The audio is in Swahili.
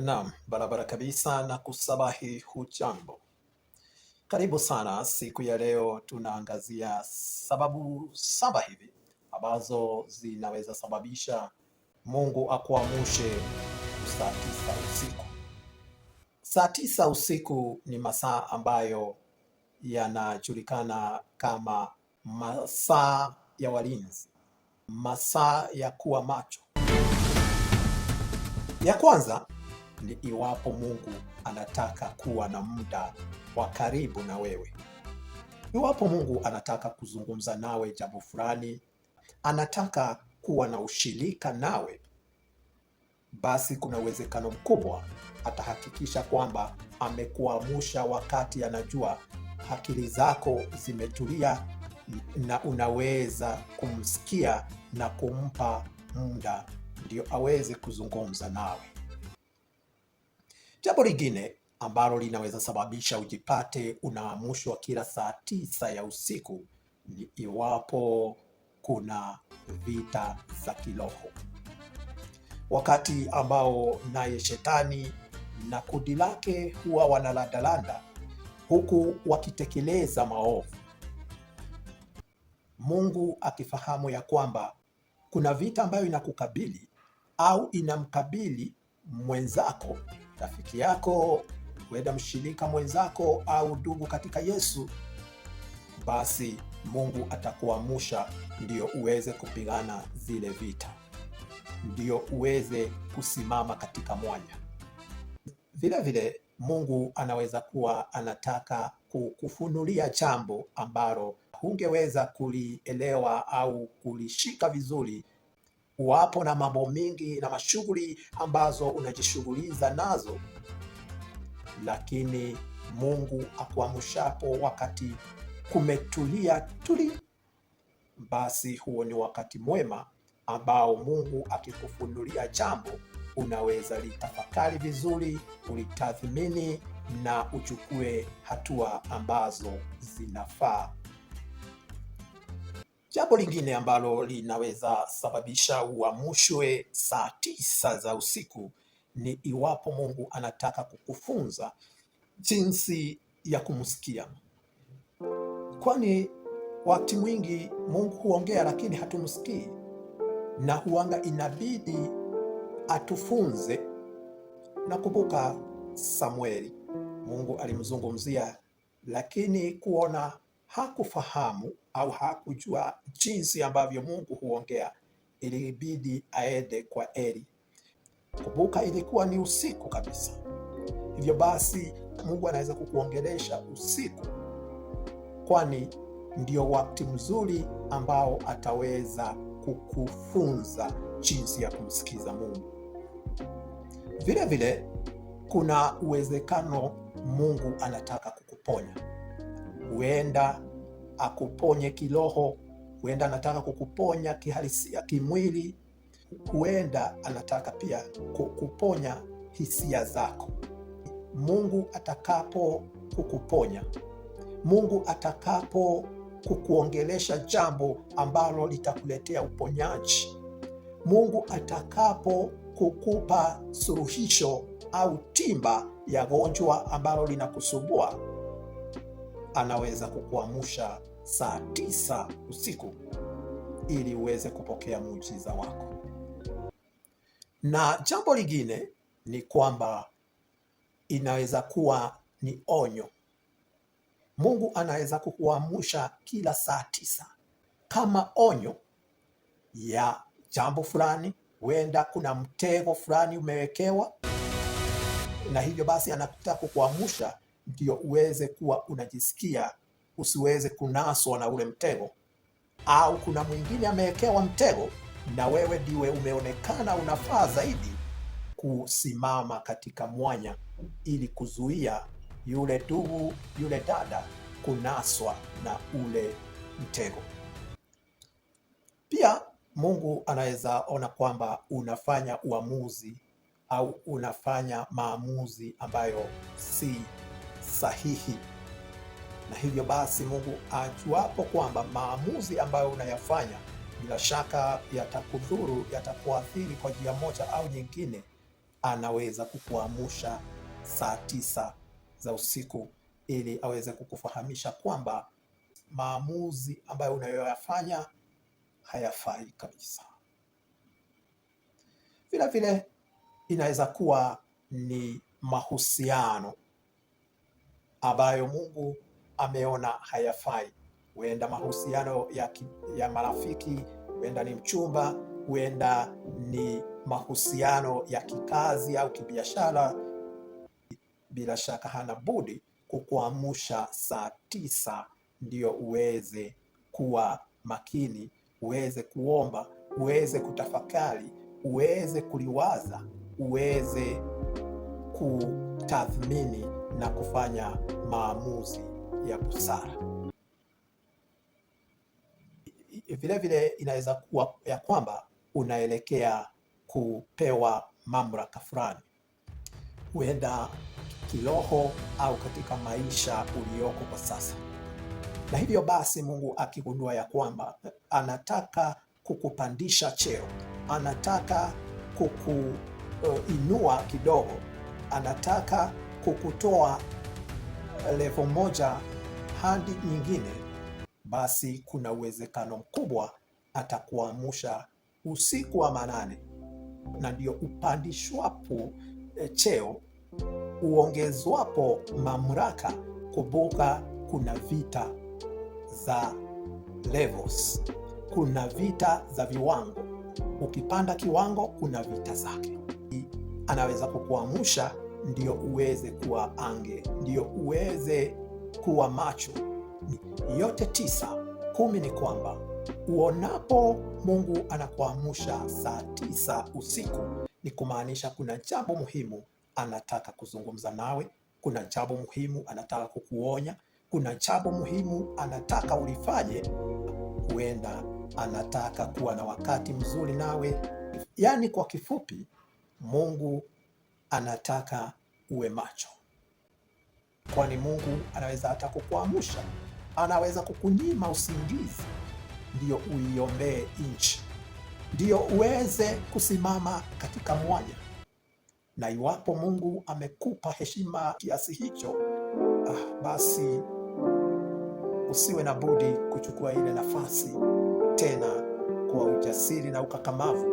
Naam, barabara kabisa na kusabahi hujambo. Karibu sana siku ya leo, tunaangazia sababu saba hivi ambazo zinaweza sababisha Mungu akuamushe saa tisa usiku. Saa tisa usiku ni masaa ambayo yanajulikana kama masaa ya walinzi, masaa ya kuwa macho. Ya kwanza ni iwapo Mungu anataka kuwa na muda wa karibu na wewe. Iwapo Mungu anataka kuzungumza nawe jambo fulani, anataka kuwa na ushirika nawe, basi kuna uwezekano mkubwa atahakikisha kwamba amekuamusha wakati anajua akili zako zimetulia na unaweza kumsikia na kumpa muda ndio aweze kuzungumza nawe. Jambo lingine ambalo linaweza sababisha ujipate unaamushwa kila saa tisa ya usiku ni iwapo kuna vita za kiroho, wakati ambao naye shetani na kundi lake huwa wanalandalanda huku wakitekeleza maovu. Mungu akifahamu ya kwamba kuna vita ambayo inakukabili au inamkabili mwenzako, rafiki yako, huenda mshirika mwenzako au ndugu katika Yesu, basi Mungu atakuamusha ndio uweze kupigana zile vita, ndio uweze kusimama katika mwanya. Vile vile Mungu anaweza kuwa anataka kukufunulia jambo ambalo hungeweza kulielewa au kulishika vizuri Wapo na mambo mengi na mashughuli ambazo unajishughuliza nazo, lakini Mungu akuamshapo wakati kumetulia tuli, basi huo ni wakati mwema ambao Mungu akikufunulia jambo unaweza litafakari vizuri, ulitathmini na uchukue hatua ambazo zinafaa. Jambo lingine ambalo linaweza sababisha uamshwe saa tisa za usiku ni iwapo Mungu anataka kukufunza jinsi ya kumsikia, kwani wakati mwingi Mungu huongea lakini hatumsikii, na huanga inabidi atufunze. Nakumbuka Samueli, Mungu alimzungumzia lakini kuona hakufahamu au hakujua jinsi ambavyo Mungu huongea, ilibidi aende kwa Eli. Kumbuka ilikuwa ni usiku kabisa. Hivyo basi, Mungu anaweza kukuongelesha usiku, kwani ndio wakati mzuri ambao ataweza kukufunza jinsi ya kumsikiza Mungu. Vile vile kuna uwezekano Mungu anataka kukuponya huenda akuponye kiroho, huenda anataka kukuponya kihalisia, kimwili, huenda anataka pia kukuponya hisia zako. Mungu atakapo kukuponya, Mungu atakapo kukuongelesha jambo ambalo litakuletea uponyaji, Mungu atakapo kukupa suluhisho au timba ya gonjwa ambalo linakusumbua anaweza kukuamsha saa tisa usiku ili uweze kupokea muujiza wako. Na jambo lingine ni kwamba inaweza kuwa ni onyo. Mungu anaweza kukuamsha kila saa tisa kama onyo ya jambo fulani. Huenda kuna mtego fulani umewekewa, na hivyo basi anataka kukuamsha ndio uweze kuwa unajisikia usiweze kunaswa na ule mtego, au kuna mwingine amewekewa mtego na wewe ndiwe umeonekana unafaa zaidi kusimama katika mwanya ili kuzuia yule ndugu, yule dada kunaswa na ule mtego. Pia Mungu anaweza ona kwamba unafanya uamuzi au unafanya maamuzi ambayo si sahihi. Na hivyo basi, Mungu ajuapo kwamba maamuzi ambayo unayafanya bila shaka yatakudhuru, yatakuathiri kwa njia moja au nyingine, anaweza kukuamusha saa tisa za usiku ili aweze kukufahamisha kwamba maamuzi ambayo unayoyafanya hayafai kabisa. Vilevile inaweza kuwa ni mahusiano ambayo Mungu ameona hayafai. Huenda mahusiano ya, ya marafiki, huenda ni mchumba, huenda ni mahusiano ya kikazi au kibiashara. Bila shaka hana budi kukuamusha saa tisa ndio uweze kuwa makini, uweze kuomba, uweze kutafakari, uweze kuliwaza, uweze kutathmini na kufanya maamuzi ya busara. Vilevile inaweza kuwa ya kwamba unaelekea kupewa mamlaka fulani, huenda kiroho au katika maisha uliyoko kwa sasa, na hivyo basi Mungu akigundua ya kwamba anataka kukupandisha cheo, anataka kukuinua kidogo, anataka kukutoa levo moja hadi nyingine, basi kuna uwezekano mkubwa atakuamusha usiku wa manane, na ndio upandishwapo eh, cheo, uongezwapo mamlaka. Kumbuka kuna vita za levels, kuna vita za viwango. Ukipanda kiwango, kuna vita zake. Anaweza kukuamusha ndio uweze kuwa ange, ndio uweze kuwa macho. Yote tisa, kumi ni kwamba uonapo Mungu anakuamusha saa tisa usiku ni kumaanisha kuna jambo muhimu anataka kuzungumza nawe, kuna jambo muhimu anataka kukuonya, kuna jambo muhimu anataka ulifanye, huenda anataka kuwa na wakati mzuri nawe. Yaani, kwa kifupi Mungu anataka uwe macho, kwani Mungu anaweza hata kukuamsha, anaweza kukunyima usingizi, ndiyo uiombee nchi, ndiyo uweze kusimama katika mwanya. Na iwapo Mungu amekupa heshima kiasi hicho, ah, basi usiwe na budi kuchukua ile nafasi tena kwa ujasiri na ukakamavu